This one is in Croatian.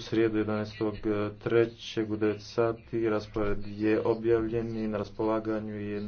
E, u srijedu 11.3. u 9 sati. Raspored je objavljen i na raspolaganju je